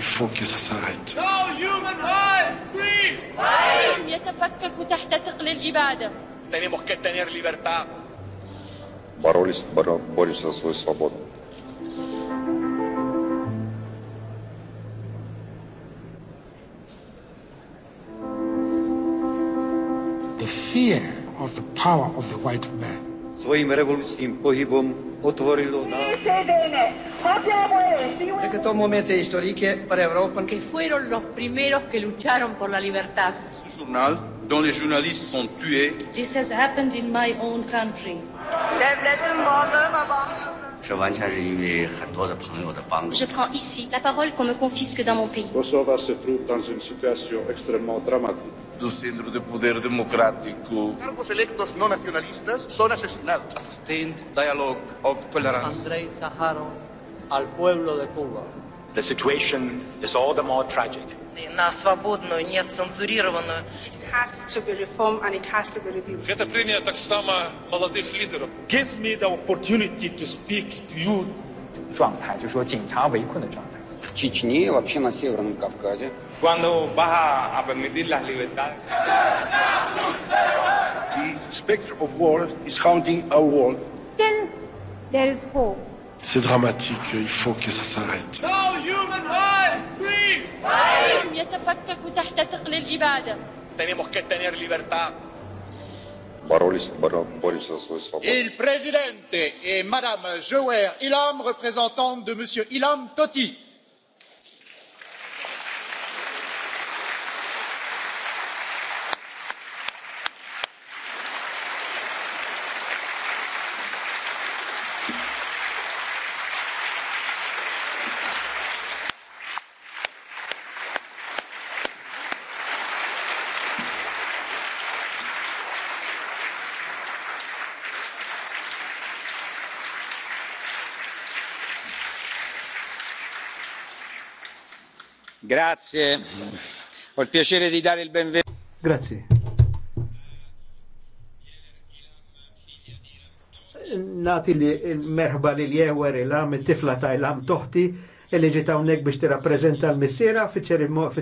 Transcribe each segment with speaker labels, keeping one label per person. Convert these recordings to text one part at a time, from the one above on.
Speaker 1: فوق ساعد
Speaker 2: يتفكك تحت ثقل الإبادة Tenemos que tener libertad.
Speaker 1: Боролись, Barolis, борюсь за свободу.
Speaker 3: The
Speaker 4: fear of the power of the white man
Speaker 3: svojim revolučným pohybom otvorilo na... De que e momento histórico para Europa. Que fueron los primeros que lucharon por la libertad. Ce
Speaker 4: journal, dont les
Speaker 3: journalistes sont tués. This has happened in my own country. Je
Speaker 2: prends ici la parole qu'on me confisque
Speaker 3: dans mon pays. Kosova se trouve dans une situation extrêmement dramatique. Do centro de poder democrático. Cargos electos no nacionalistas son asesinados. A sustained dialogue of tolerance. Andrei Saharo al pueblo de Cuba.
Speaker 4: The situation is all the more tragic. It has to be reformed
Speaker 3: and it has to be reviewed.
Speaker 4: Give me the opportunity to speak to you. Чечне, вообще
Speaker 1: The specter of war is haunting our world. Still,
Speaker 4: there is hope.
Speaker 1: C'est dramatique, il faut que ça s'arrête.
Speaker 4: No human
Speaker 3: Il président et Madame Jouer Ilham, représentante de Monsieur Ilham Toti. Grazie. Ho il piacere di dare il benvenuto. Grazie. Nati li merħba li l-jewer il-għam, il-tifla ta' il-għam toħti, il-li e ġita unnek biex t-rapprezenta l-missira fi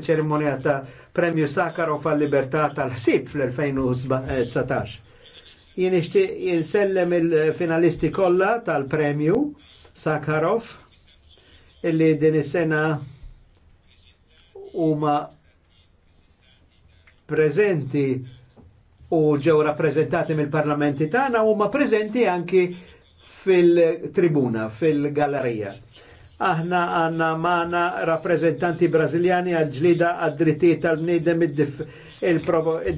Speaker 3: ċerimonja ta' Premju Sakarov għal-Libertà tal-ħsib fl-2019. Jien jinsellem il-finalisti kollha tal-Premju Sakarov, illi din is-sena huma prezenti u ġew rappreżentati mill-parlamenti tagħna huma prezenti anki fil-tribuna, fil-gallerija. Aħna għanna maħna rappresentanti braziljani għadġlida għad-dritti tal-bnidem bniedem il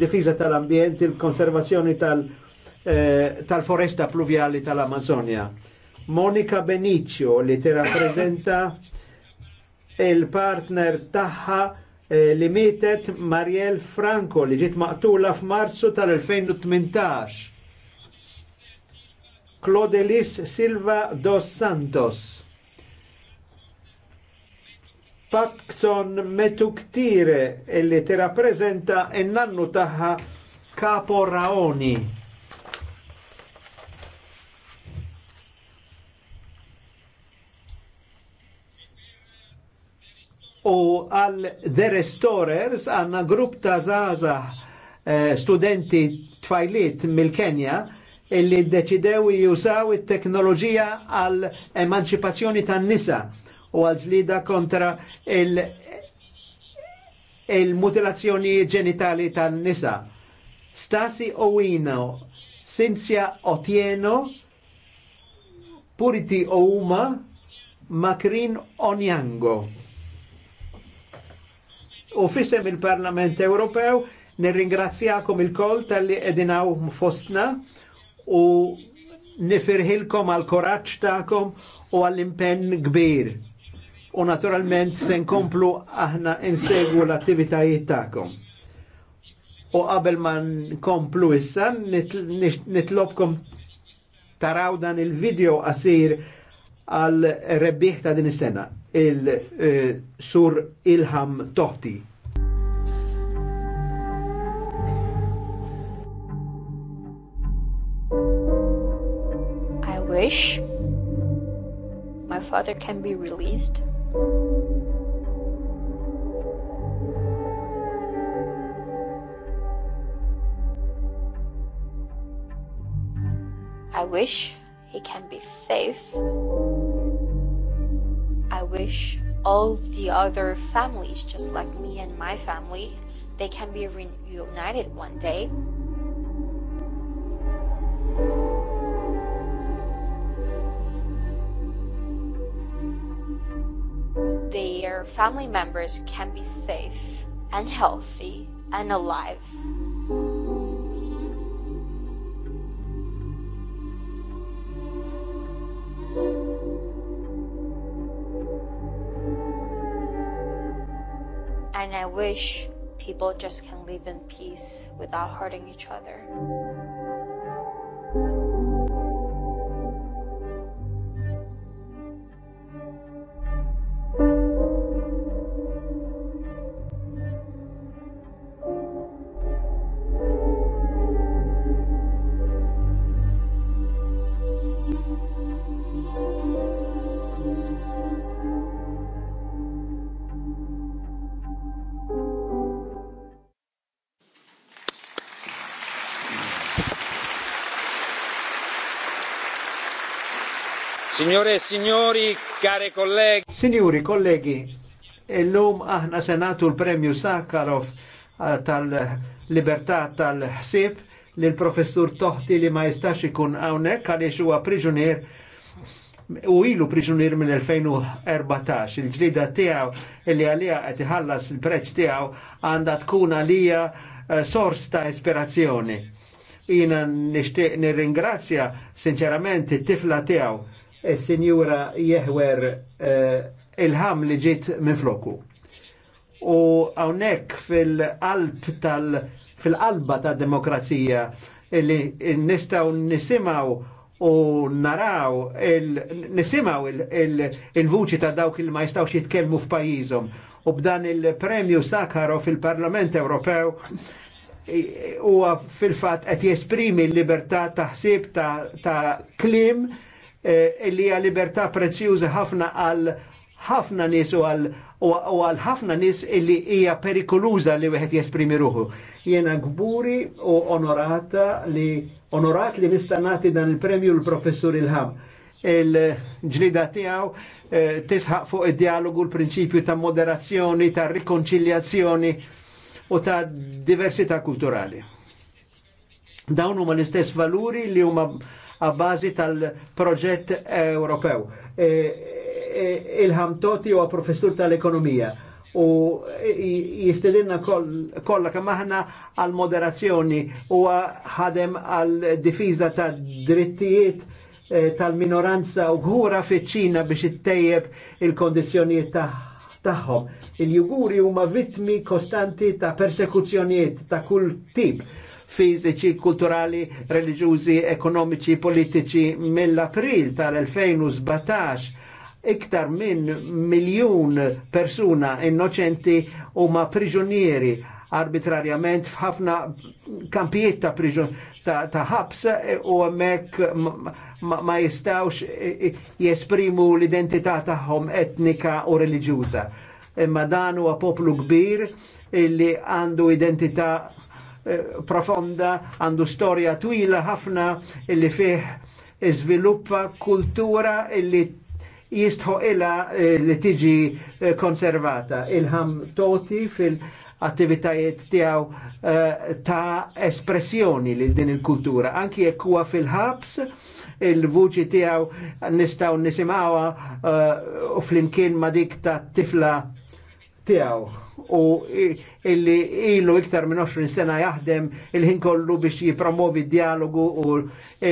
Speaker 3: difiża tal il-konservazzjoni tal-foresta eh, tal pluvjali tal-Amazonia. Monika Benicio li ti rappresenta il-partner tagħha eh, li mietet Mariel Franco li ġiet maqtula f'Marzu tal-2018. Clodelis Silva dos Santos. Patkson Metuktire illi tirrappreżenta n-nannu tagħha Capo Raoni. u għal The Restorers għanna grupp ta' zaza eh, studenti tfajliet mil kenja illi deċidew jusaw it-teknoloġija għal emancipazzjoni tan-nisa u għal ġlida kontra il- il-mutilazzjoni ġenitali tan-nisa. Stasi Owino, Cinzia Otieno, Puriti Ouma, Makrin Onyango u fisem il-Parlament Ewropew nirringrazzjakom il koll tal-li edinaw fostna u nifirħilkom għal koraċ ta'kom u għall impenn kbir. U naturalment se nkomplu aħna insegwu l-attivitajiet ta'kom. U qabel ma nkomplu issa nitlobkom taraw dan il-video qasir għal rebbieħ ta' din is-sena il-sur Ilham Tohti. I wish my father can be released. I wish he can be safe wish all the other families, just like me and my family, they can be reunited one day. Their family members can be safe and healthy and alive. and I wish people just can live in peace without hurting each other. Signore e signori, care colleghi. Signori, kollegi, illum aħna senatu l-premju Sakharov eh, tal-libertà tal-ħsib lil professur Toħti li ma jistax ikun hawnhekk għaliex huwa priġunier u ilu priġunier minn 2014. Il-ġlida tiegħu li għalija qed iħallas il-prezz tiegħu għandha tkun għalija eh, sors ta' ispirazzjoni Jiena nixtieq nirringrazzja sinċerament it-tifla tiegħu il-Sinjura jeħwer eh, il-ħam li ġiet minn floku. U għawnek fil-qalb tal- fil-qalba ta' demokrazija li nistaw nisimaw u naraw nisimaw il-vuċi ta' dawk il ma jistawx jitkellmu f'pajjiżhom. U b'dan il-premju Sakharo fil-Parlament Ewropew huwa fil-fatt qed jesprimi l-libertà ta' ta' klim Eh, li hija libertà prezzjuża ħafna għal ħafna nies u għal u għal ħafna nies li hija perikoluża li wieħed jesprimi ruħu. Jiena gburi u onorata li onorat li nista' nagħti dan il-premju l-professur Ilham. Il-ġlida tiegħu eh, tisħaq fuq id-dialogu l-prinċipju ta' moderazzjoni, ta' rikonċiljazzjoni u ta' diversità kulturali. Dawn huma l-istess valuri li huma għabbażi tal-proġett Ewropew. E, e, Il-ħamtoti huwa professur tal-ekonomija u jistedinna kollha kol kemm aħna għal moderazzjoni u ħadem għal difiża ta' drittijiet e, tal-minoranza u għura fiċ-Ċina biex ittejjeb il-kondizjonijiet tagħha tagħhom. Il-Juguri huma vittmi kostanti ta' persekuzzjonijiet ta' kull tip fiziċi, kulturali, reliġjużi, ekonomiċi, politiċi mill-April tal-2017 iktar minn miljun persuna innoċenti huma priġunieri arbitrarjament f'ħafna kampijiet ta' priġun ta' ħabs e, u m'ek ma jistawx e, e, jesprimu l-identità tagħhom etnika u reliġjuża. Imma dan huwa poplu kbir illi għandu identità Eh, profonda, għandu storja twila ħafna illi fih iżviluppa kultura illi jistħu illa eh, li tiġi eh, konservata. Ilham toti fil-attivitajiet tijaw ta' espressjoni li din il-kultura. Anki jekk huwa fil-ħabs, il-vuċi tijaw nistaw nisimawa u fl-imkien ma' dik ta' tifla tijaw u illi ilu iktar minn 20 sena jaħdem il-ħin kollu biex jipromovi dialogu u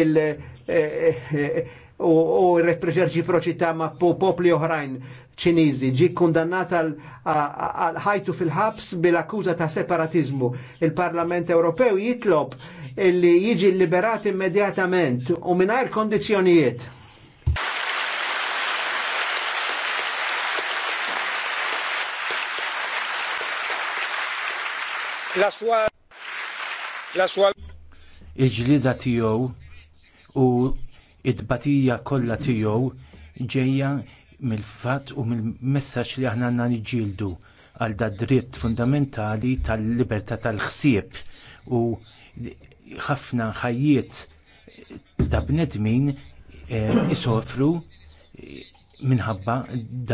Speaker 3: il- eh, eh, u reproċerċi ma' popli oħrajn ċinizi ġi kundannata għal ħajtu fil-ħabs bil-akkuża ta' separatizmu. Il-Parlament Ewropew jitlob illi jiġi liberat immedjatament u mingħajr kondizzjonijiet il-ġlida
Speaker 4: tiegħu u id batija kollha tiegħu ġejja mill-fatt u mill-messaġġ li aħna għanna nġildu għal da dritt fundamentali tal-libertà tal-ħsieb u ħafna ħajjiet ta' bnedmin eh, isofru minħabba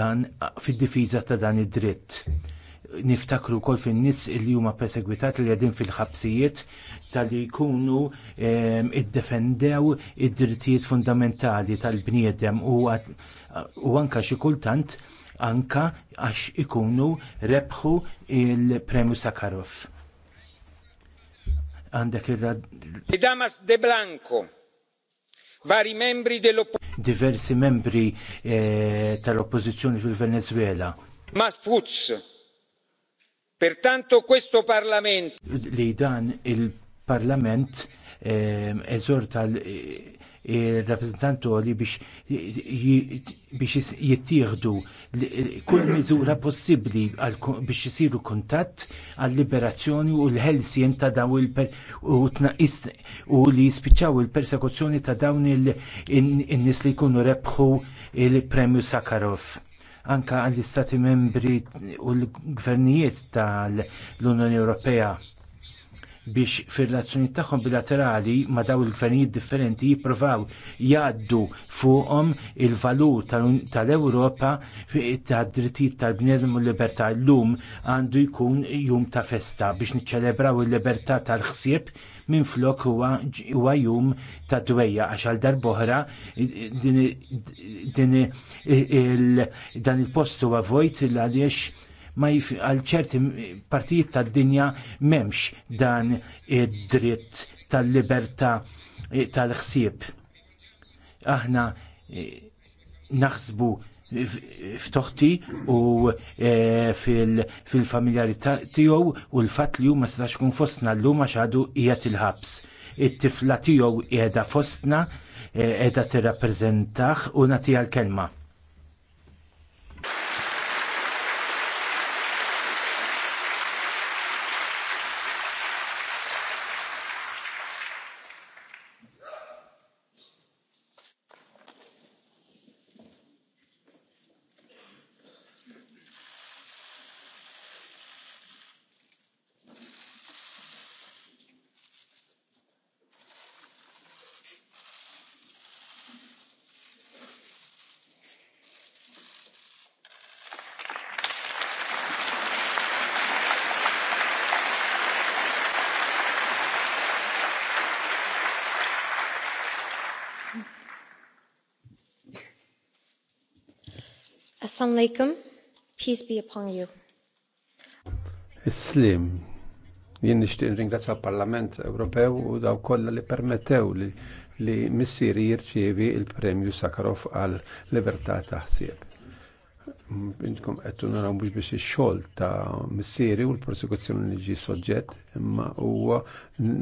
Speaker 4: dan fid-difiża ta' dan id-dritt niftakru kol fin nies li huma persegwitati li għedin fil-ħabsijiet tal-li jkunu ehm, iddefendew id-drittijiet fundamentali tal-bniedem u, u anka xi kultant anka għax ikunu rebħu il-premju Sakharov. Għandek ir-rad.
Speaker 3: de Blanco vari membri dell'opposizione.
Speaker 4: Diversi membri eh, tal-oppożizzjoni fil-Venezuela.
Speaker 3: Mas Fuz, Pertanto questo Parlament
Speaker 4: li dan il-Parlament ehm, eżorta il-rappresentantu li biex biex jittieħdu kull miżura possibbli biex isiru kuntatt għal liberazzjoni u l-ħelsien ta' daw il u u li jispiċċaw il-persekuzzjoni ta' dawn il-nies li jkunu rebħu il-Premju Sakharov anke għall-Istati membri u l-gvernijiet tal-Unjoni Ewropea biex fir-relazzjonijiet tagħhom bilaterali ma' dawn il-gvernijiet differenti jippruvaw jgħaddu fuqhom il-valur tal-Ewropa tad-drittijiet tal-bniedem u l-libertà llum għandu jkun jum ta' festa biex niċċelebraw il-libertà tal-ħsieb minflok huwa jum ta' dwejja għax għal darboħra din dan il-post huwa vojt għaliex ma għal ċerti partijiet tad-dinja m'hemmx dan id-dritt tal-libertà tal-ħsieb. Aħna naħsbu ftoħti u e, fil-familjarità tiegħu u l-fatt li hu ma setax kun fostna llum għax għadu qiegħed il-ħabs. It-tifla tiegħu qiegħda fostna e, qiegħda tirrappreżentah u nagħtiha l-kelma.
Speaker 2: alaikum, peace be upon you.
Speaker 1: Islim, jien nixtieq ringrazzja l-Parlament Ewropew u daw kollha li permettew li li missieri jirċievi il-Premju Sakharov għal libertà ta' ħsieb. Intkom qed tunaraw mhux biex ix-xogħol ta' missieri u l-prosekuzzjoni li ġie soġġett, imma huwa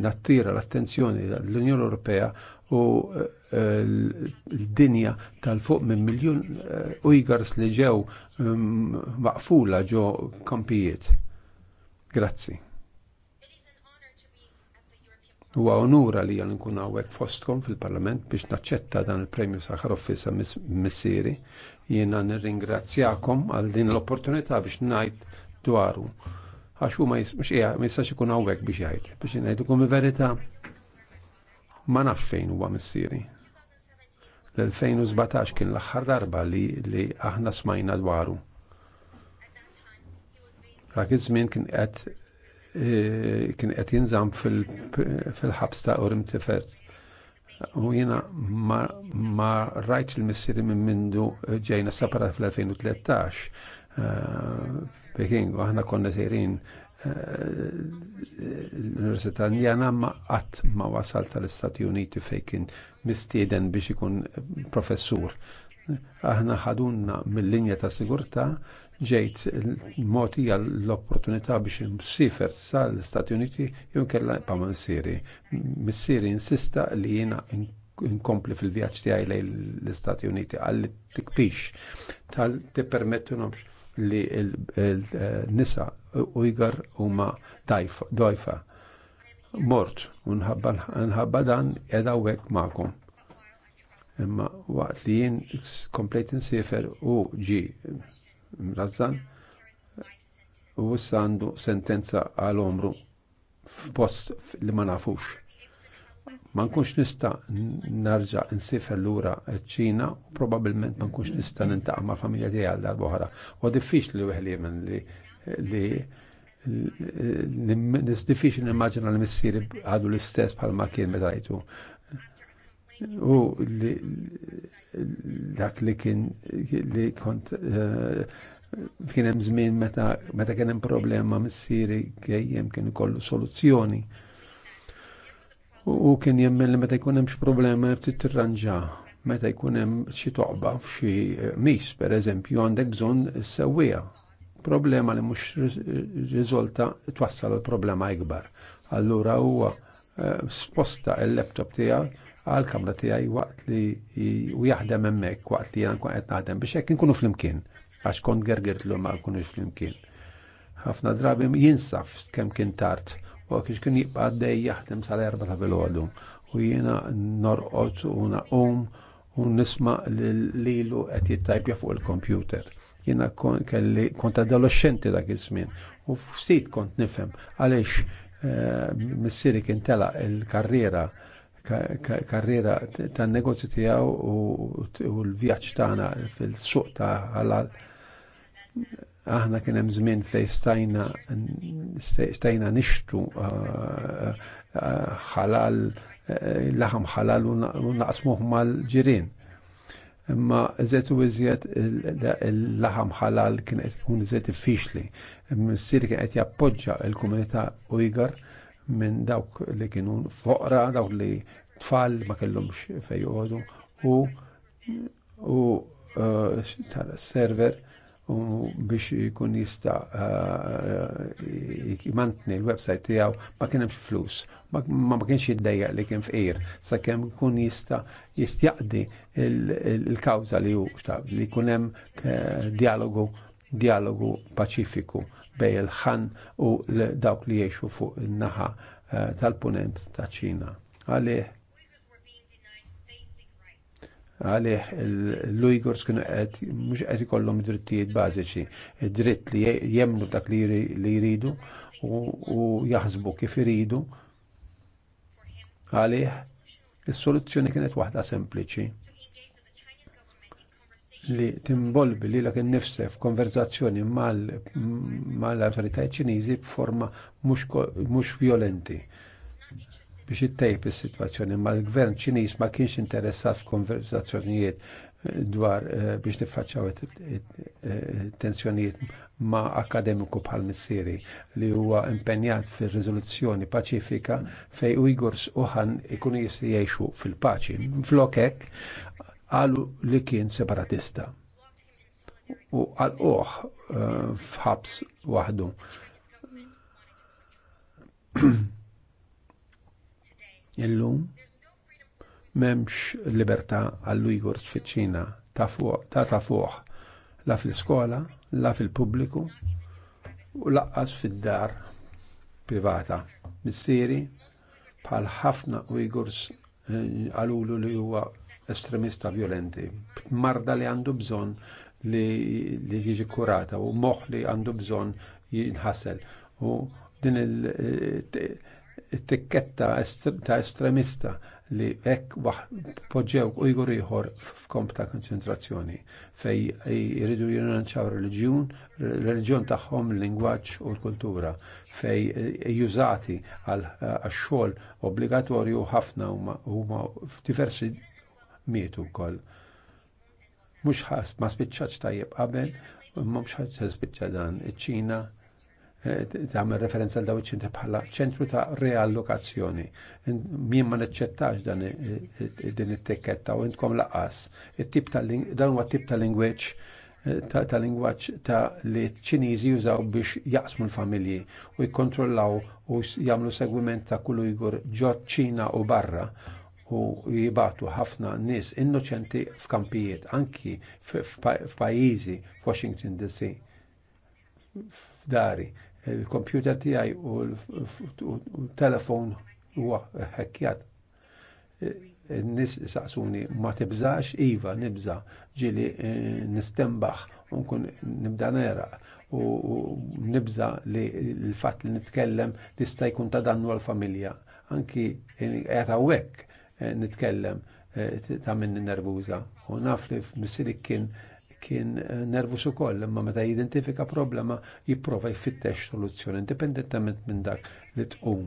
Speaker 1: nattira l-attenzjoni l-Unjoni Ewropea u eh, l-dinja tal-fuq minn miljun eh, ujgars li ġew mm, maqfula ġo kampijiet. Grazzi. Huwa onura li għan nkun għawek fostkom fil-Parlament biex naċċetta dan il-Premju Sakharov fissa missieri. Jiena nirringrazzjakom għal din l-opportunità biex ngħid dwaru. Għaxu huma ma jistax ikun hawnhekk biex jgħid, biex u il-verità ma naf fejn huwa missieri. L-2017 kien l-aħħar darba li, li aħna smajna dwaru. Dak iż-żmien kien qed e, kien qed jinżamm fil-ħabs ta' Urim Tifert. U jiena ma, ma rajtx il-missieri minn mindu ġejna separat fl-2013 e, Peking, aħna konna sejrin l-Università Indiana ma qatt ma wasal tal-Istati Uniti fejn kien mistieden biex ikun professur. Aħna ħadunna mill-linja ta' sigurtà ġejt mod hija l-opportunità biex imsifer sal istati Uniti jew kellha pa' Missieri. Missieri insista li jiena inkompli fil-vjaġġ tiegħi lejn l-Istati Uniti għal tikpix tal-tippermettu nomx li l-nisa ujgar huma dajfa. Mort, unħabba dan edha wek ma'kom. Imma waqt li jien komplejt sefer u ġi mrazzan u s-sandu sentenza għal omru f'post li ma nafux ma nkunx nista' narġa' nsifel lura ċ-Ċina u probabbilment ma nkunx nista' nintaqa' ma' familja tiegħi għal darba oħra. U diffiċli wieħed jemmen li li diffiċli nimmaġina li missieri għadu l-istess bħalma kien meta jtu u li dak li kien li kont eh, kien hemm żmien meta kien hemm problema missieri gejjem kien ikollu soluzzjoni u kien jemmen li meta jkun hemm xi problema ftit tirranġa meta jkun hemm xi toqba f'xi eh, mis pereżempju għandek bżonn sewwieha problema li mhux riżolta twassal il problema ikbar. Allura huwa eh, sposta l-laptop tiegħek għal kamra tiegħi waqt li u jaħdem hemmhekk waqt li jien qed naħdem biex hekk inkunu flimkien għax kont gergirtlu ma nkunux flimkien. Ħafna drabi jinsaf kemm kien tard u kiex kien jibqa' għaddej jaħdem sal-erba ta' filgħodu. U jiena norqod u naqum u nisma' lilu qed jittajpja fuq il-computer. Jiena kelli kont adolescenti dak iż-żmien u ftit kont nifhem għaliex eh, missieri kien tela il-karriera karriera tan negozju tiegħu u l-vjaġġ tagħna fil-suq ta' ħalal aħna kien hemm żmien fejn stajna stajna nixtru uh, uh, ħalal uh, laħam ħalal u naqsmuh mal-ġirien. Imma eżet u iżjed il-laħam ħalal kien qed ikun iżjed diffiċli. Missier kien qed jappoġġa l-komunità Uygar minn dawk li kienu foqra, dawk li tfal ma kellhomx fejn u u server u biex jkun jista jimantni eh, eh, l-website tijaw ma kienemx flus, ma ma kienx jiddejja li kien fqir, sa kem kun jista jistjaqdi il-kawza li ju li kunem eh, dialogu dialogu pacifiku bej il-ħan u dawk li jiexu fuq il-naħa tal-punent ta' ċina. Għalih għalih l-Uyghurs kienu qed mhux qed jikollom drittijiet bażiċi, dritt li jemnu dak li jridu u jahzbu kif iridu. Għalih is-soluzzjoni kienet waħda sempliċi li timbolbi li l-ek nifse f'konverzazzjoni mal-autoritajiet ċiniżi b'forma mhux violenti biex ittejb is-sitwazzjoni, ma l-gvern Ċiniż ma kienx interessat f'konverzazzjonijiet eh, dwar eh, biex niffaċċaw eh, tensjonijiet ma' akademiku bħal missieri li huwa impenjat fir riżoluzzjoni paċifika fej Uyghurs uħan ikunu jgħixu fil-paċi. Flokek għalu li kien separatista u għal uħ fħabs waħdu. jellum memx libertà għall-Uigurs fi ċina ta' ta' fuq la fil-skola, la fil-pubbliku u laqqas fid-dar privata. Missieri bħal ħafna Uigurs eh, għalulu li huwa estremista violenti, marda li għandu bżon li, li jiġi kurata u moħ li għandu bżon jinħassel. U din il eh, it tikketta ta' estremista li hekk poġġew ujgur ieħor f'komp ta' konċentrazzjoni fej jridu jirranċaw reliġjun, reliġjon tagħhom, il-lingwaġġ u l-kultura fej jużati għal xogħol obbligatorju ħafna huma f'diversi mietu wkoll. Mhux ma spiċċax tajjeb qabel, u mhux ħadd spiċċa dan. Iċ-Ċina tagħmel referenza għal dawn iċ-ċentri bħala ċentru ta' reallokazzjoni. Min ma neċċettax dan din it-tikketta u intkom laqas. It-tip ta' dan huwa tip ta' lingwiġġ eh, ta' lingwaġġ ta' li ċinizi ċiniżi jużaw biex jaqsmu l-familji u jikkontrollaw u jagħmlu segwiment ta' kullu jgur ġod Ċina u barra u jibatu ħafna nies innoċenti f'kampijiet, anki f'pajjiżi f'Washington DC f'dari il-kompjuter tiegħi u l-telefon huwa ħekkjat. E, Nis saqsuni ma tibżax, iva nibża ġili e, nistembaħ u nkun nibda nera u nibża li l-fatt li nitkellem tista' jkun ta' dannu għal-familja. Anki qed hawnhekk e, nitkellem ta' minni nervuża u naf li f'missirik kien kien eh, nervus ukoll, imma meta jidentifika problema jipprova jfittex soluzzjoni indipendentament minn dak li tqum.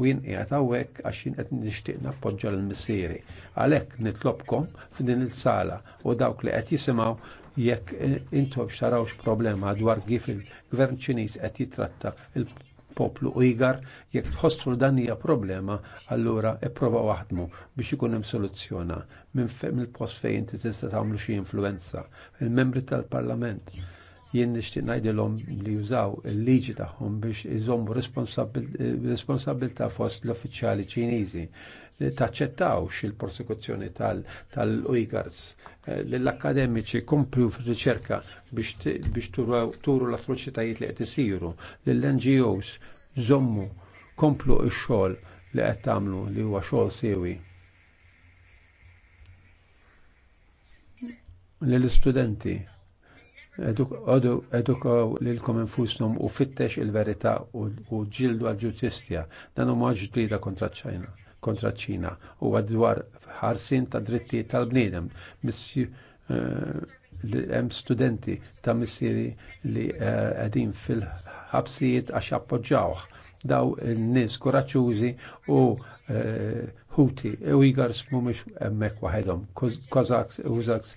Speaker 1: U jien qiegħed hawnhekk għax jien qed nixtieq nappoġġa l-missieri. Għalhekk nitlobkom f'din il-sala u dawk li qed jisimgħu jekk eh, intom xtarawx problema dwar kif il-gvern Ċiniż qed jitratta il poplu Uigar, jekk tħossru dan hija problema, allura ipprova waħdmu biex ikun hemm soluzzjona minn post fejn tista' tagħmlu xi influenza. Il-membri tal-Parlament jien nixtieq ngħidilhom li jużaw il-liġi tagħhom biex iżommu responsabilità fost l-uffiċjali Ċiniżi eh, taċċettawx il-prosekuzzjoni tal tal eh, l-akademiċi komplu fir-riċerka biex turu l-atroċitajiet li qed isiru lill-NGOs żommu komplu x-xogħol li qed tagħmlu li huwa xogħol siewi. Lill-istudenti edukaw lilkom infusnum u fittex il-verità u ġildu għal ġutistja Dan huma ġdida kontra ċina kontra ċina u għadwar ħarsin ta' dritti tal-bniedem. Eh, hemm studenti ta' missieri li eh, qegħdin fil-ħabsijiet għax appoġġawh daw in nies kuraċużi u eh, Huti, e Uyghurs mhumiex hemmhekk waħedhom, Kozaks, Uzaks,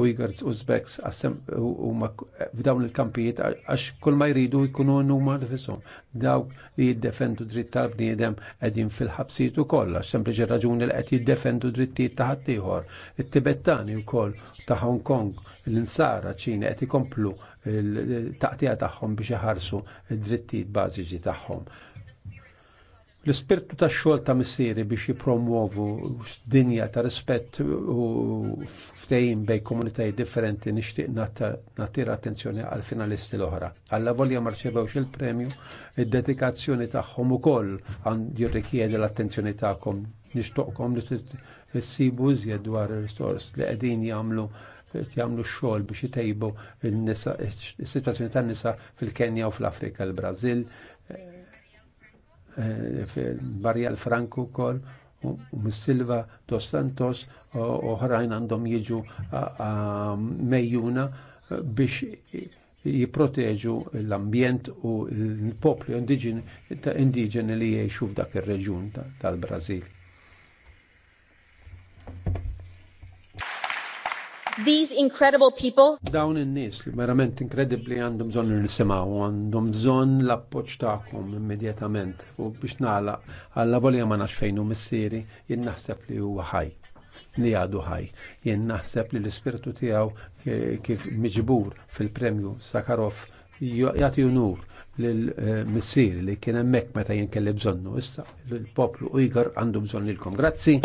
Speaker 1: Uyghurs, Uzbeks, f'dawn il-kampijiet għax kull ma jridu jkunu l nifisom. Dawk li jiddefendu dritt tal-bniedem qegħdin fil-ħabsijiet ukoll għax sempliġi raġuni li qed jiddefendu drittijiet ta' ħaddieħor. It-Tibettani wkoll ta' Hong Kong, l-insara Ċina qed ikomplu taqtija tagħhom biex iħarsu d-drittijiet bażiċi tagħhom. L-ispirtu ta' xogħol ta' missieri biex jipromuovu dinja ta' rispett u ftejim bej komunitaj differenti nixtieq nattira attenzjoni għal finalisti l-oħra. Alla volja marċevewx il-premju, id-dedikazzjoni tagħhom ukoll għand jirrikjedi l-attenzjoni tagħkom. Nixtoqkom li tsibu iżjed dwar il-ristors li qegħdin jagħmlu jagħmlu x-xogħol biex jitejbu il nisa is-sitwazzjoni tan-nisa fil-Kenja u fl-Afrika, il-Brażil, l Franco kol, u mis-silva Dos Santos oħrajn għandhom jiġu mejjuna eh, biex jiproteġu l-ambjent u l-poplu indiġeni li jiexu f'dak ir reġjun tal-Brazil.
Speaker 2: these incredible people.
Speaker 1: Dawn in-nies li verament inkredibbli għandhom bżonn nisimaw, għandhom bżonn l-appoġġ tagħkom immedjatament u biex nagħlaq alla volja ma nafx fejn hu missieri jien naħseb li huwa ħaj li għadu ħaj. Jien naħseb li l-ispirtu tiegħu kif miġbur fil-premju Sakharov jagħti unur l missieri li kien hemmhekk meta jien kelli bżonnu. Issa l-poplu Uyghur għandu bżonn lilkom. Grazzi.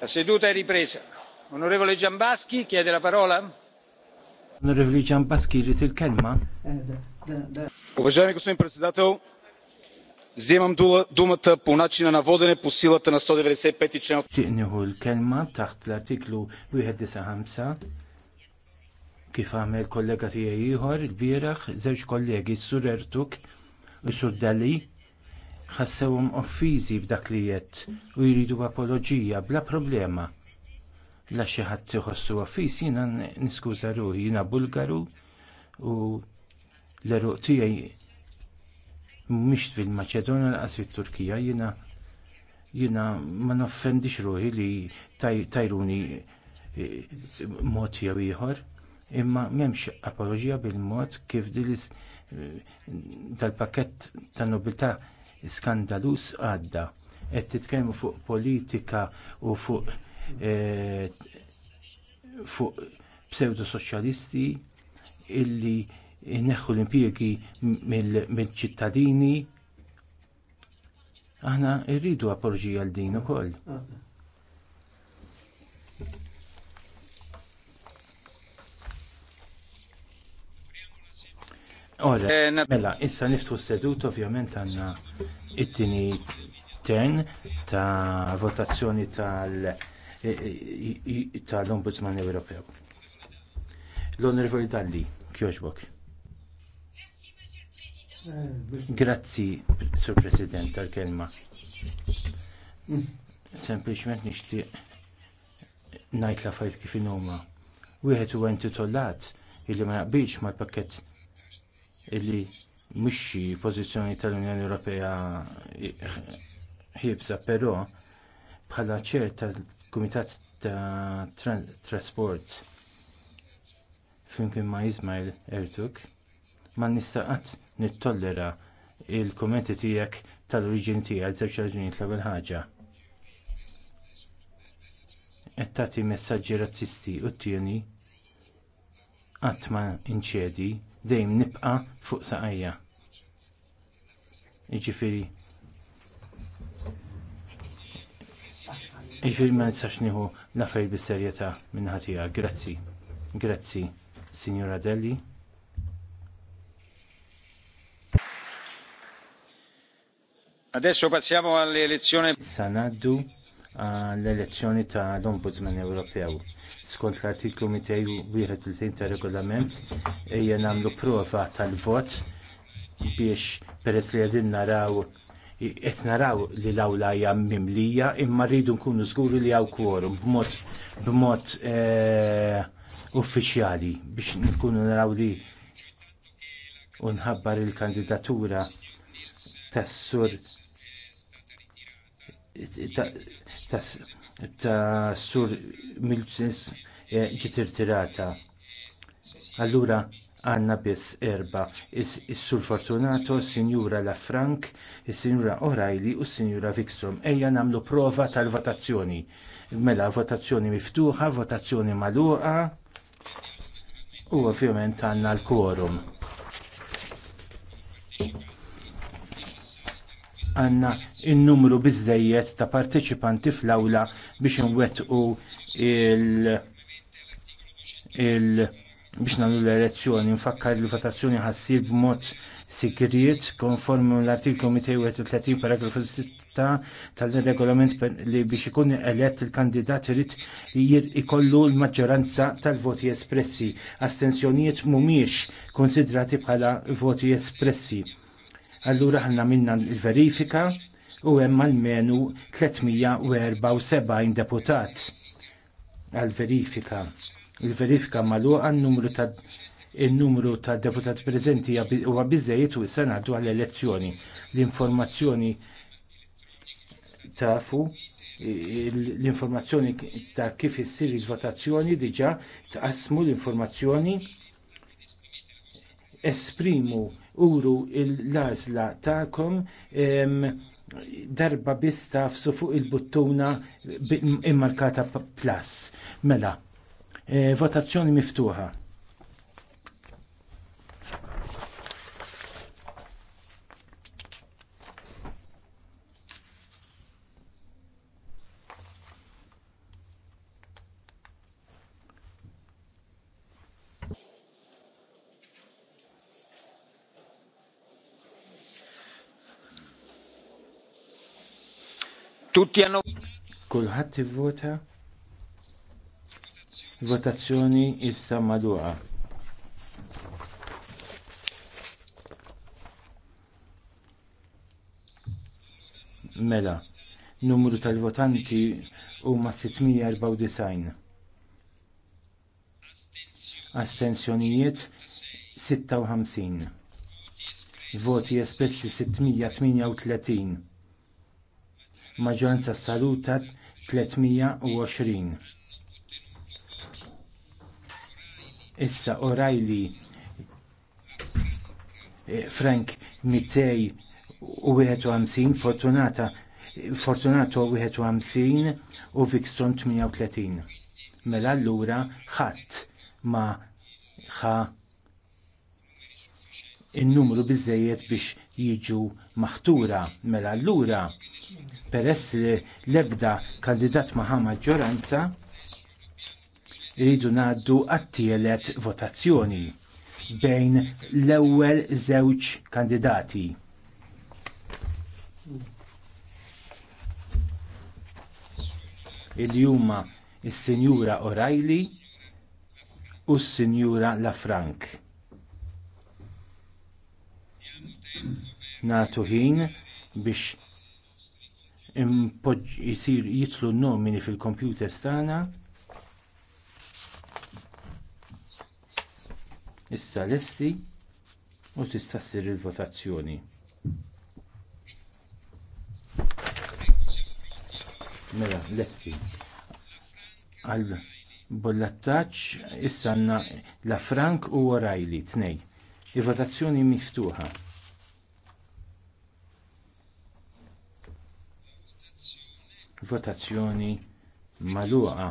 Speaker 3: La seduta è ripresa. Onorevole Giambaschi chiede la parola.
Speaker 4: Onorevoli Giambaschi rrit il-kelma.
Speaker 3: Eh, Уважаеми господин председател,
Speaker 2: вземам думата по начина на водене по силата на 195 член от...
Speaker 4: il-kelma taħt l-artiklu 195 kif għamel kollega tiegħi ieħor il-bieraħ żewġ kollegi sur Ertuk u sur Dali ħassewhom offiżi b'dak li jett u jridu apoloġija bla problema. La xi ħadd iħossu offiż jiena niskuża ruħi jiena Bulgaru u l-eruq tiegħi mhumiex fil-Maċedonja laqas fit-Turkija jiena jiena ma noffendix ruħi li tajruni e, mod jew ieħor imma m'hemmx apoloġija bil-mod kif dilis e, tal-pakett tan-nobiltà ta skandalus għadda qed titkellmu fuq politika u fuq eh, fuq pseudosoċjalisti illi neħħu l-impjiegi mill-ċittadini aħna rridu apoloġija għal din ukoll. Ora, eh, mela, issa niftu s-sedut ovvjament għanna it-tini tern ta' votazzjoni eh, eh, tal-Ombudsman Ewropew. L-Onorevoli Dalli, kjoġbok. Grazzi, Sur President, tal-kelma. Sempliċement nixtieq ngħid la fajt kif inhuma. Wieħed u huwa tollat illi ma naqbilx mal-pakket illi mhix pożizzjoni tal-Unjoni Ewropea ħiebsa, però bħala ċer tal-Kumitat ta' Trasport flimkien ma' Ismail Ertuk ma nistaqat nittollera l kumenti tiegħek tal-oriġini tiegħek żewġ raġuni l-ewwel ħaġa. Qed tagħti messaġġi razzisti u t-tieni qatt ma inċedi dejjem nibqa' fuq saqajja. Jiġifieri Jiġifieri ma nistax nieħu l-affarijiet bis-serjetà minn ħatija. Grazzi. Grazzi, Signora Delli.
Speaker 3: Adesso passiamo all'elezione.
Speaker 4: Sanaddu għall-elezzjoni tal-Ombudsman Ewropew skont l-artiklu 231 tar regolament ejja nagħmlu prova tal-vot biex peress li qegħdin naraw qed naraw li l-awla hija mimlija imma rridu nkunu żguri li hawn kworum b'mod b'mod eh, uffiċjali biex nkunu naraw li unħabbar il-kandidatura tas-sur tas ta' sur Milċis eh, ġiet irtirata. Allura għandna biss erba' is-sur Fortunato, Sinjura Lafrank, is-Sinjura O'Reilly u s-Sinjura Vikstrom. Ejja nagħmlu prova tal-votazzjoni. Mela votazzjoni miftuħa, votazzjoni magħluqa u ovvjament għandna l-quorum għandna n-numru biżżejjed ta' parteċipanti fl-awla biex inwettqu il, il biex nagħmlu l-elezzjoni nfakkar li votazzjoni ħassib b'mod sikriet konformi l-artiklu 231 paragrafu 6 tal-regolament li biex ikun elett il-kandidat irid ikollu l-maġġoranza tal-voti espressi. Astensjonijiet mhumiex konsidrati bħala voti espressi Allura ħanna minna l verifika u hemm almenu 374 deputat għal-verifika. Il-verifika magħluqa n-numru ta' il-numru ta' deputat preżenti huwa biżejjed u issa ngħaddu għall-elezzjoni. L-informazzjoni tafu l-informazzjoni ta' kif issir il-votazzjoni diġà tqassmu l-informazzjoni esprimu uru l-għażla tagħkom darba bista fsu fuq il-buttuna immarkata plus. Mela, eh, votazzjoni miftuħa. Tutti hanno kulħadd ivvota votazzjoni issa magħluqa. Mela, numru tal-votanti huma 694. Astensjonijiet 56. Voti espressi 638 maġġoranza assoluta 320. Issa O'Reilly eh, Frank 251, Fortunata Fortunato 51 u Vikstrom 38. Mela allura ħadd ma ħa in-numru biżżejjed biex jiġu maħtura mela allura peress li l-ebda kandidat maħa maġġoranza rridu ngħaddu għat-tielet votazzjoni bejn l-ewwel żewġ kandidati. il huma s-Sinjura O'Reilly u s-Sinjura LaFranc nagħtu ħin biex jisir jitlu n-nomini fil-kompjuters tagħna. Issa lesti u tista' ssir il-votazzjoni. Mela, lesti. Għal bollattaċ, issa għandna la Frank u O'Reilly, tnej. Il-votazzjoni miftuħa. votazzjoni magħluqa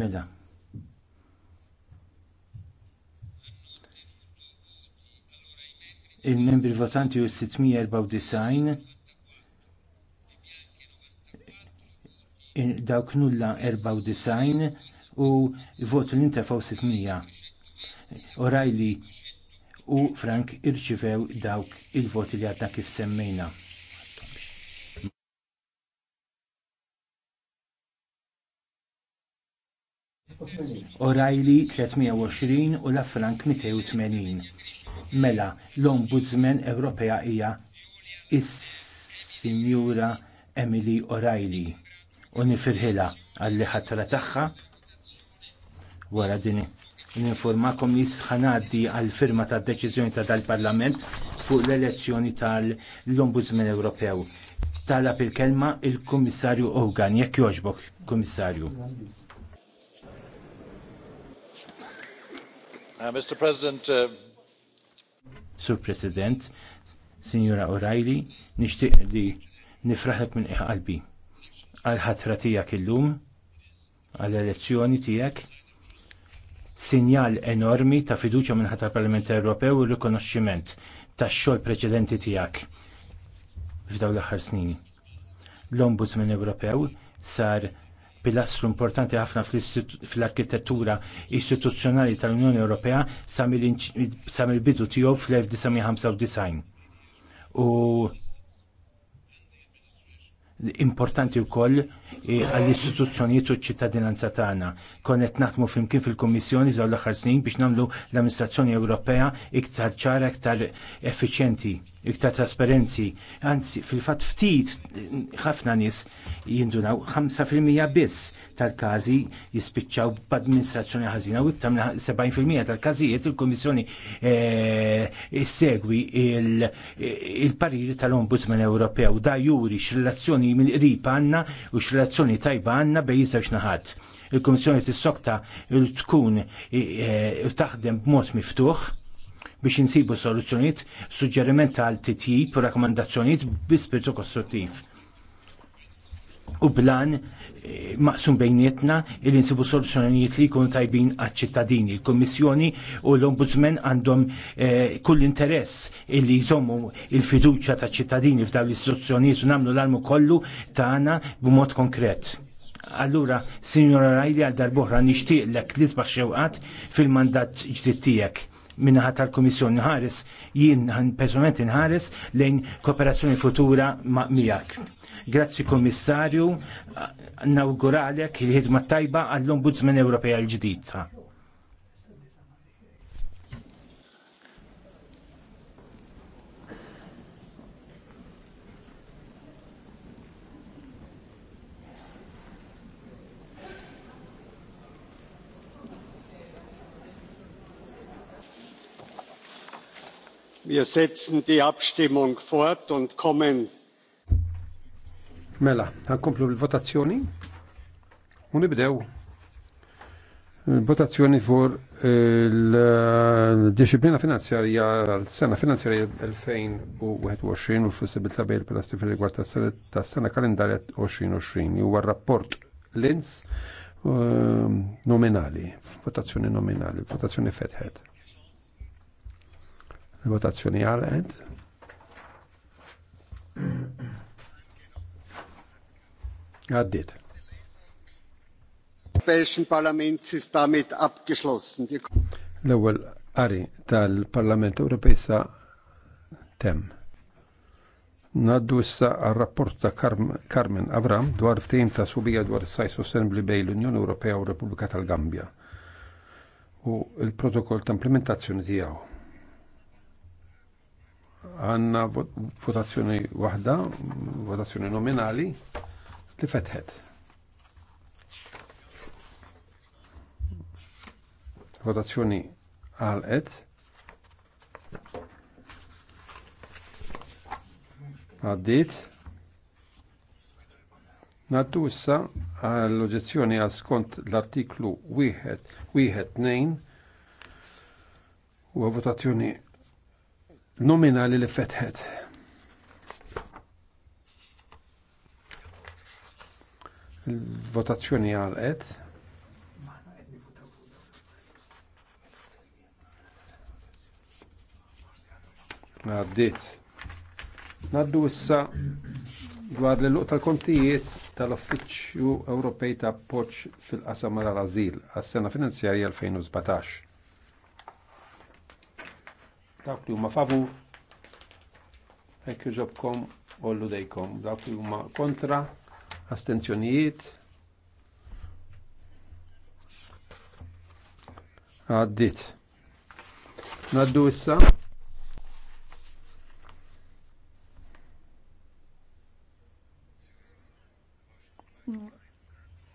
Speaker 4: mela il-membri votanti u 694 dawk nulla 94 u vot l-intefaw 600 Orajli u Frank irċivew dawk il-voti li għadna kif semmejna. O'Reilly 320 u la Frank 280. Mela, l-Ombudsman Ewropea hija is-Sinjura Emily O'Reilly u nifirħilha għalli ħatra tagħha wara din Ninformakom li sħanaddi għall firma tad deċiżjoni ta' dal-Parlament fuq l-elezzjoni tal-Ombudsman Ewropew. Talab il-kelma il-Kummissarju Hogan, jekk jogħġbok, Kummissarju. Uh, Mr. President, uh, Sur President, Signora O'Reilly, nixtieq li nifraħek minn qalbi għal ħatra tiegħek illum, għall elezzjoni tiegħek sinjal enormi ta' fiduċja minħata tal-Parlament Ewropew u rikonoxximent tax-xogħol preċedenti tiegħek f'dawn l-aħħar snin. L-Ombudsman Ewropew sar pilastru importanti ħafna fl-arkitettura istituzzjonali tal-Unjoni Ewropea sa mill-bidu tiegħu fl-1995. U importanti wkoll eh, għall-istituzzjonijiet u ċ-ċittadinanza tagħna. qed naħdmu flimkien fil-Kummissjoni dawn l-aħħar snin biex nagħmlu l-Amministrazzjoni Ewropea iktar ċara, iktar effiċjenti iktar trasparenzi. Anzi, fil-fat ftit ħafna nis jindunaw 5% biss tal-kazi jispiċċaw b'administrazzjoni ħażina u iktar minn 70% tal-każijiet il-Kummissjoni eh, segwi il-pariri tal-Ombudsman Ewropew da juri x'relazzjoni mill-qrib għandna u x'relazzjoni tajba għandna bejn jiżewġ naħat. Il-Kummissjoni tissokta tkun eh, taħdem b'mod miftuħ biex insibu soluzzjonijiet, suġġeriment għal titjib u rakkomandazzjonijiet bi spiritu kostruttiv. U blan eh, maqsum bejnietna il insibu soluzzjonijiet li jkunu tajbin għal-ċittadini. Il-Kommissjoni u l-Ombudsman għandhom eh, kull interess illi jżommu il-fiduċa ta' ċittadini f'daw l-istituzzjonijiet u namlu l armu kollu tagħna b'mod konkret. Allura, Signora Rajli, għal darbohra nixtieq lek l-isbaħ xewqat fil-mandat ġdid tiegħek minnaħat tal-Komissjoni ħares, jien personalment inħares lejn kooperazzjoni futura ma' miak. Grazzi Komissarju, nawguralek il-ħidma tajba għall-Ombudsman Ewropea l-ġdid.
Speaker 3: Wir setzen die Abstimmung fort und kommen.
Speaker 1: Mela, għankomplu l-votazzjoni. Unibdew. Votazzjoni fuq il-disciplina finanzjarja għal-sena finanzjarja 2021 u l-fussibilità bejn il-plasti fil-rigward tas-sena kalendarja 2020. Huwa rapport Linz um, nominali, votazzjoni nominali, votazzjoni fetħet. Votazzjoni għalqet. Għaddit.
Speaker 3: Europäischen Parlaments ist mit abgeschlossen.
Speaker 1: l ewel għari tal-Parlament Ewropej sa tem. Naddu issa għal-rapport ta' Carmen Avram dwar ftehim ta' subija dwar is-sajt sostenibli bej l-Unjoni Ewropea u Repubblika tal-Gambja u il protokoll ta' implementazzjoni tijaw għanna votazzjoni wahda, votazzjoni nominali li fetħet. Votazzjoni għal-et. Għaddit. Naddu issa għall-oġezzjoni għal skont l-artiklu 1, 1, 2 u votazzjoni nominali li fetħet. Il-votazzjoni għalqet. Għaddit. Naddu issa dwar l luq tal-kontijiet tal-Uffiċċju Ewropej ta' Poċ fil-qasam mal-Azil għas-sena finanzjarja 2017. Dawk li huma favur, hekk ollu dejkom. Dawk li huma kontra, astenzjonijiet. Għaddit. Naddu issa.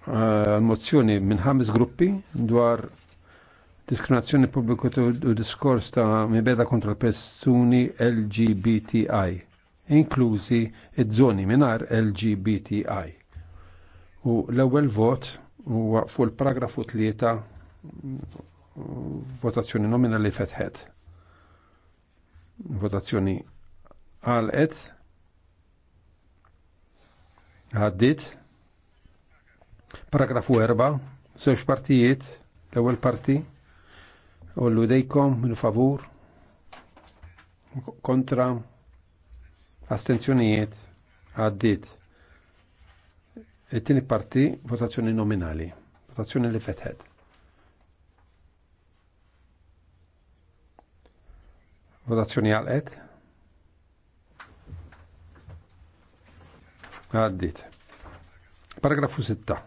Speaker 1: Eh, mozzjoni minn ħames gruppi dwar diskriminazzjoni pubbliku u diskors ta' mibeda kontra l-persuni LGBTI, inklużi id-żoni minar LGBTI. U l-ewwel vot huwa fuq il-paragrafu tlieta votazzjoni nominali fetħet. Votazzjoni għalqet għaddit paragrafu erba' żewġ partijiet l-ewwel parti Ollu dejkom il favur kontra astenzjonijiet għaddit. it tini parti votazzjoni nominali, votazzjoni li fetħed. Votazzjoni għalqet. Għaddit. Paragrafu 6.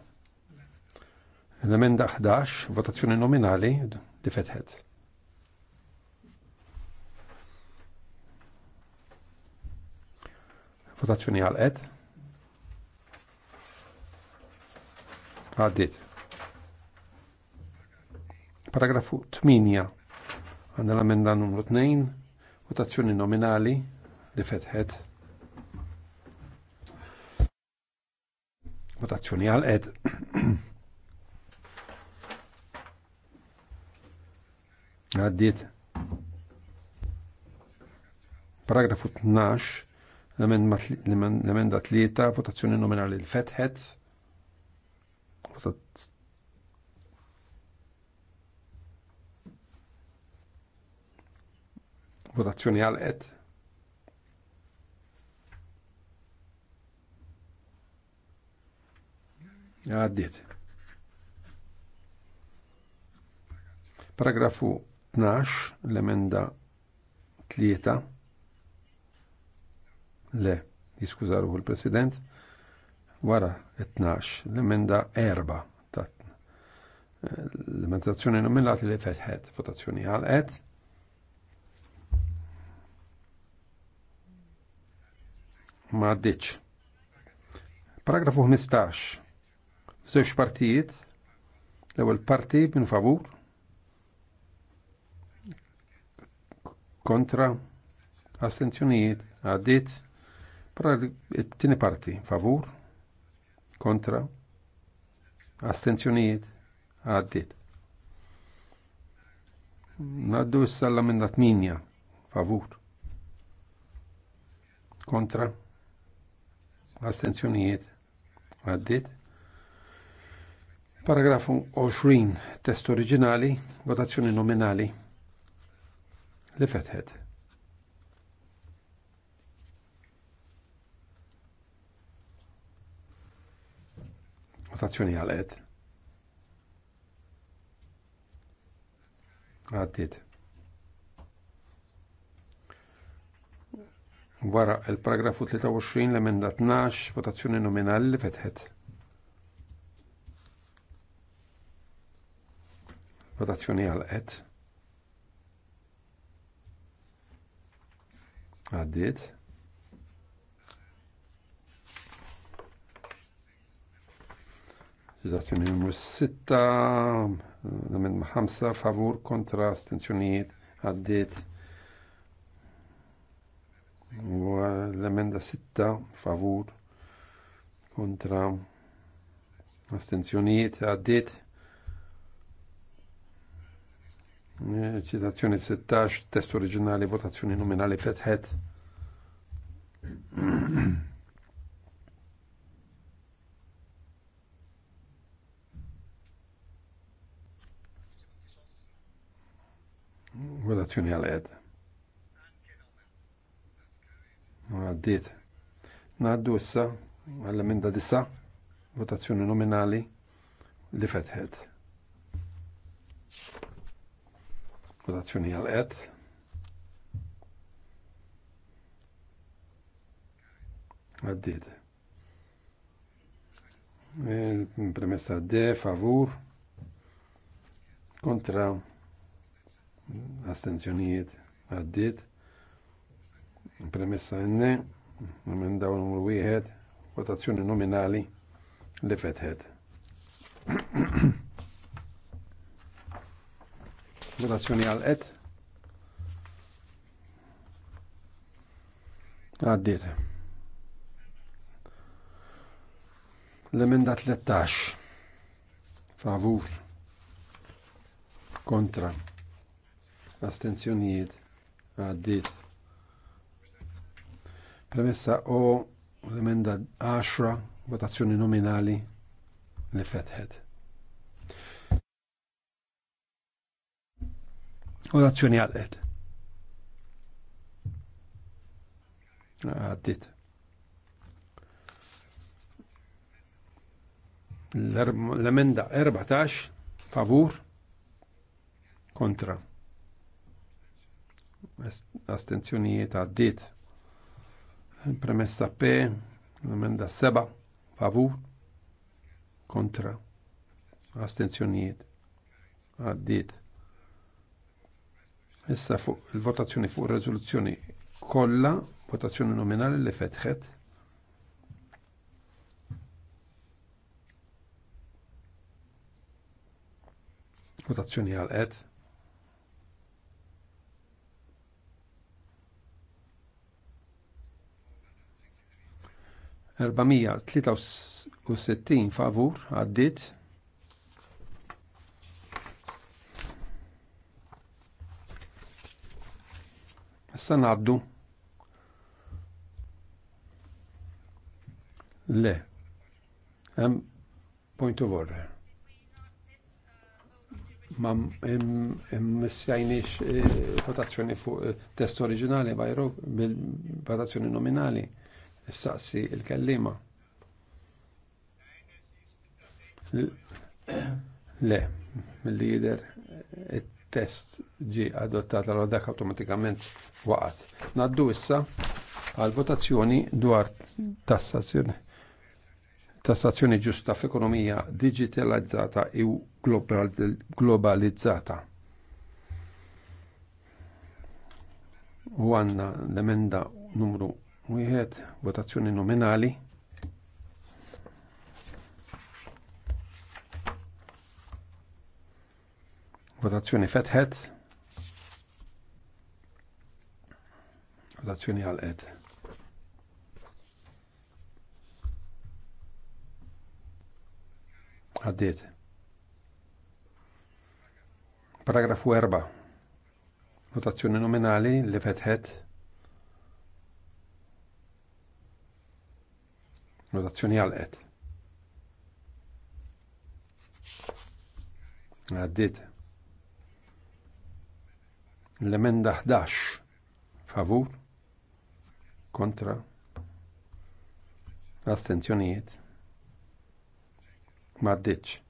Speaker 1: L-emenda 11, votazzjoni nominali, li fetħet. Votazzjoni għal-qed. Għaddit. Paragrafu 8 għandna l-amenda numru 2, votazzjoni nominali li fetħet. Votazzjoni għal-qed. Għaddiet. Paragrafu 12, l-emenda 3, votazzjoni nominali l-fetħet. Votazzjoni għal-et. Għaddiet. Paragrafu 12, l-emenda 3, le, jiskużar l-President, wara 12, l-emenda 4, ta' l-emendazzjoni nominati li fetħet, votazzjoni għal-et, ma għaddiċ. Paragrafu 15. Żewġ partijiet, l ewel partij minn favur, kontra astenzjonijiet għaddit tini parti favur kontra astenzjonijiet għaddit Naddu s-salla minna minja favur. Kontra. Astenzjonijiet. Għaddit. Paragrafu 20, test oriġinali, votazzjoni nominali li fetħet. Votazzjoni għal-ed. Għaddit. Wara il-paragrafu 23 l-emenda 12, votazzjoni nominali li fetħet. Votazzjoni għal-ed. għaddit. Ġizazzjoni numru 6, l-emend 5, favur kontra astenzjonijiet, għaddit. U l-emenda 6, favur kontra astenzjonijiet, Citazzjoni 16, test oriġinali, votazzjoni nominali fetħet. Votazzjoni għal-ed. Għaddit. Naddu issa, għall-emenda disa, votazzjoni nominali li fetħet. Votazzjoni għal-qed. Għaddit. Il-premessa D, favur, kontra, astenzjonijiet, għaddit. Premessa N, minn dawn numru wieħed, votazzjoni nominali li fetħed. Votazzjoni għal-qed. Għaddiet. L-emenda 13. Favur. Kontra. Astenzjonijiet. Għaddiet. Premessa o l-emenda 10. Votazzjoni nominali li fethet. Orazzjoni għallet. Għaddit. L-emenda 14 favur kontra. Astenzjonijiet għaddit. Premessa P, l-emenda 7 favur kontra. Astenzjonijiet għaddit. Issa fuq il-votazzjoni fuq ir rezoluzzjoni kollha, votazzjoni nominali li fetħet. Votazzjoni għal-qed. Erbamija favur għaddit. Issa ngħaddu Le. Hemm point of order ma missajniex eh, votazzjoni fuq eh, test oriġinali bajro bil-votazzjoni nominali. Saqsi il-kellima. Le, mill-lider eh, test ġi adottat għal dak automatikament waqat. Naddu issa għal votazzjoni dwar tassazzjoni tassazzjoni ġusta f'ekonomija digitalizzata u globalizzata. U għanna l-emenda numru 1, votazzjoni nominali, Votazzjoni fetħet. Votazzjoni għal-ed. Għaddiet. Paragrafu 4. Votazzjoni nominali li fetħet. Votazzjoni għal-ed. Għaddiet. L-emenda 11. Favur. Kontra. Astenzjonijiet. Maddiċ.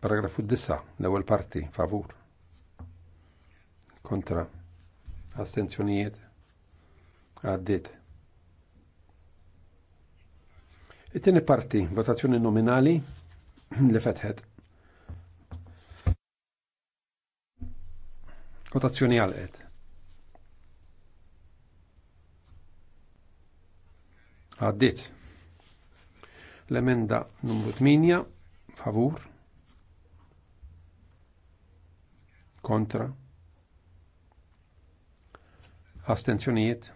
Speaker 1: Paragrafu 9. L-ewwel parti. Favur. Kontra. Astenzjonijiet. Għaddit. It-tieni parti, votazzjoni nominali li fetħet. Kotazzjoni għalqet. Għaddit. L-emenda numru 8, favur. Kontra. Astenzjonijiet.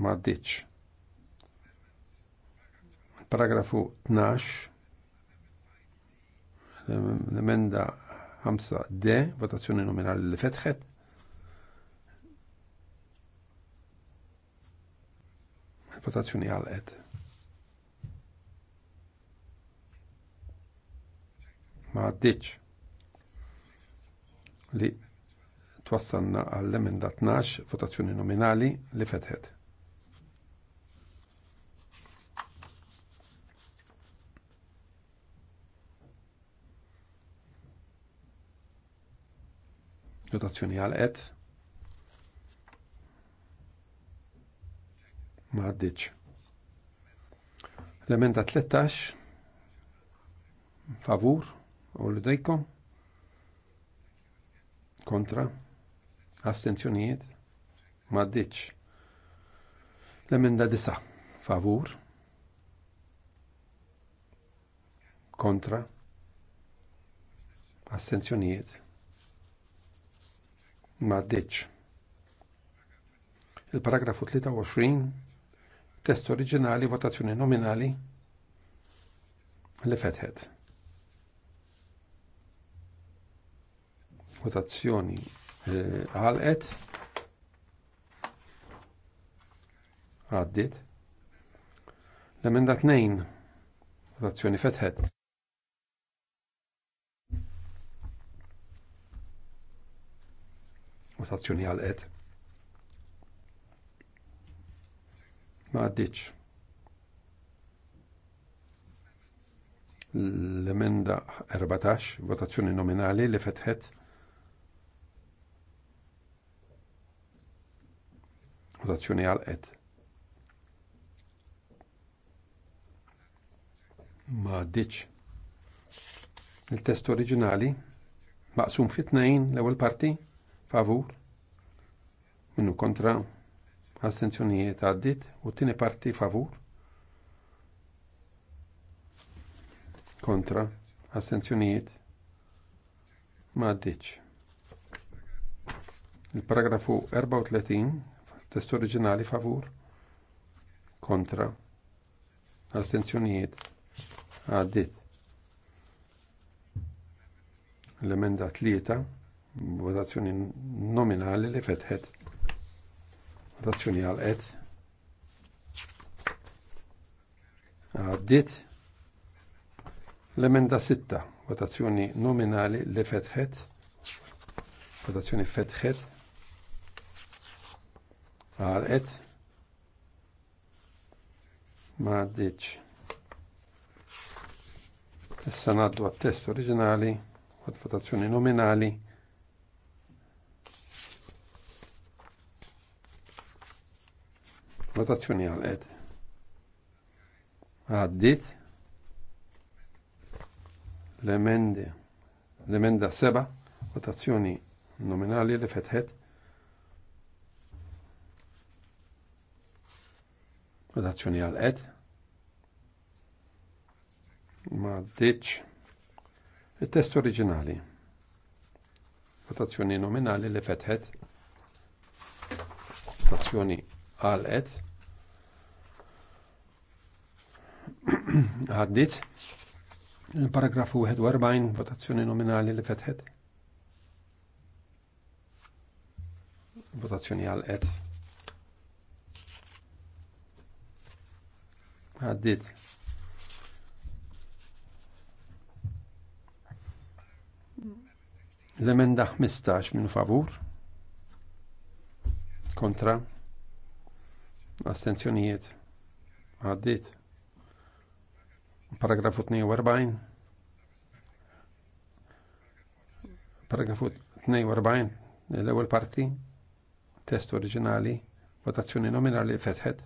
Speaker 1: Ma għaddit. Paragrafu 12. L-emenda 5D, votazzjoni nominali li fetħet. Votazzjoni għal-et. Ma għaddiċ li twassanna għall-emenda 12 votazzjoni nominali li fetħet. għal għalqet. Ma għaddiċ. L-emenda 13. Favur. U l Kontra. Astenzjonijiet. Ma għaddiċ. L-emenda 9. Favur. Kontra. Astenzjonijiet m'għaddiċ. Il-paragrafu 23, test oriġinali, votazzjoni nominali li fetħet. Votazzjoni eh, għalqet għaddit. L-emenda 2, votazzjoni fetħet. għal għalqet. Ma għaddiċ. L-emenda 14, votazzjoni nominali li fetħet votazzjoni għalqet. Ma għaddiċ. Il-test oriġinali maqsum fit-tnejn l-ewwel parti favur minnu kontra astenzjonijiet għaddit u t tini parti favur kontra astenzjonijiet ma għaddiċ. Il-paragrafu 34 test oriġinali favur kontra astenzjonijiet għaddit. L-emenda tlieta votazzjoni nominali li fetħet votazzjoni għalqet għaddit l-emenda 6 votazzjoni nominali li fetħet votazzjoni fetħet għalqet ma għaddiċ issa ngħaddu għat-test oriġinali għad votazzjoni nominali Votazzjoni għal-ed. Għaddit. L-emendi. L-emenda seba. Votazzjoni nominali li fetħet. Votazzjoni għal-ed. Ma ditx. Il-test oriġinali. Votazzjoni nominali li fetħet. Votazzjoni għalqet għaddit il-paragrafu 41 votazzjoni nominali li fetħet votazzjoni għalqet għaddit l-emenda 15 minn favur kontra astenzjonijiet għaddit paragrafu 42 paragrafu 42 l ewel parti test oriġinali votazzjoni nominali fetħet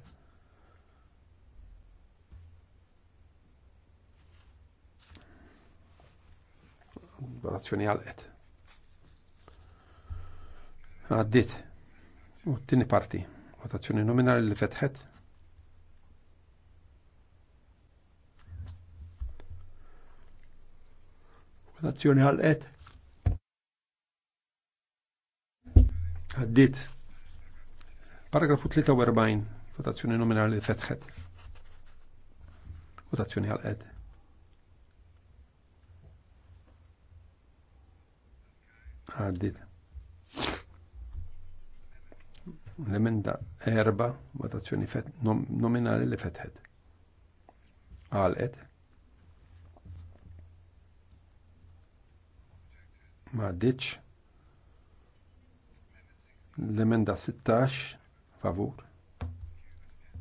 Speaker 1: votazzjoni għalqet għaddit u t tini parti Votazzjoni nominali li fetħet. għal et. Għaddit. Paragrafu 43. Votazzjoni nominali li fetħet. Votazzjoni ħalqet. Għaddit L-emenda erba votazzjoni nominali li fetħed. Għalqet. Ma ditx. L-emenda 16 favur.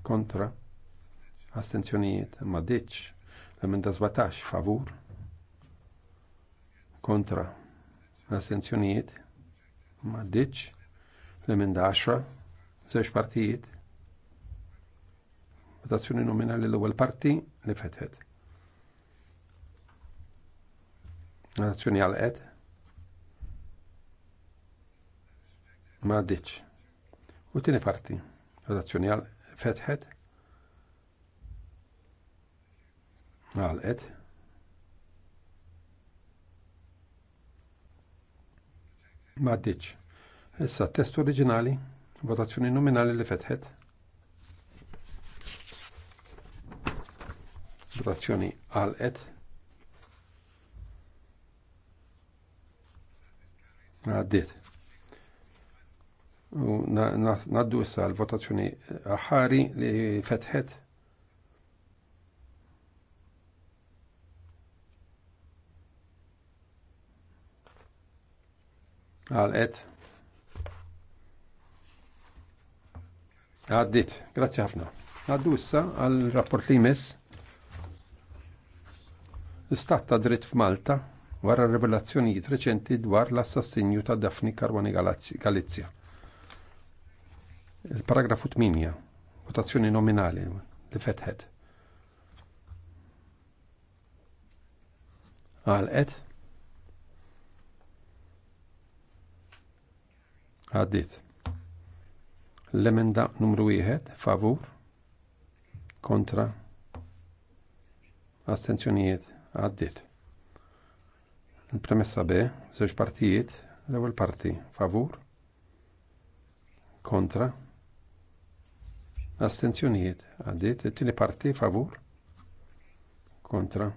Speaker 1: Kontra. Astenzjonijiet ma ditx. L-emenda 17 favur. Kontra. Astenzjonijiet ma ditx. L-emenda 10 żewġ partijiet. Votazzjoni nominali l-ewwel parti li fetħet. Nazzjoni għal qed. Ma għaddiċ. U tieni parti. Votazzjoni għal fetħet. Għal qed. Ma għaddiċ. Issa test oriġinali Votazzjoni nominali li fetħet. Votazzjoni għal-et. Għaddit. U naddu issa l-votazzjoni aħari li fetħet. Għal-et. Għaddit, grazzi ħafna. Għaddu issa għal rapport li jmiss l-istat ta' dritt f'Malta wara rivelazzjonijiet reċenti dwar l-assassinju ta' Daphne Karwani Galizja. Il-paragrafu 8, votazzjoni nominali li fetħed. et? Għaddit. L-emenda numru 1, favur, kontra, astenzjonijiet, għaddit. Il-premessa B, żewġ partijiet, l-ewwel parti favur, kontra, astenzjonijiet, għaddit, it-tieni parti favur, kontra,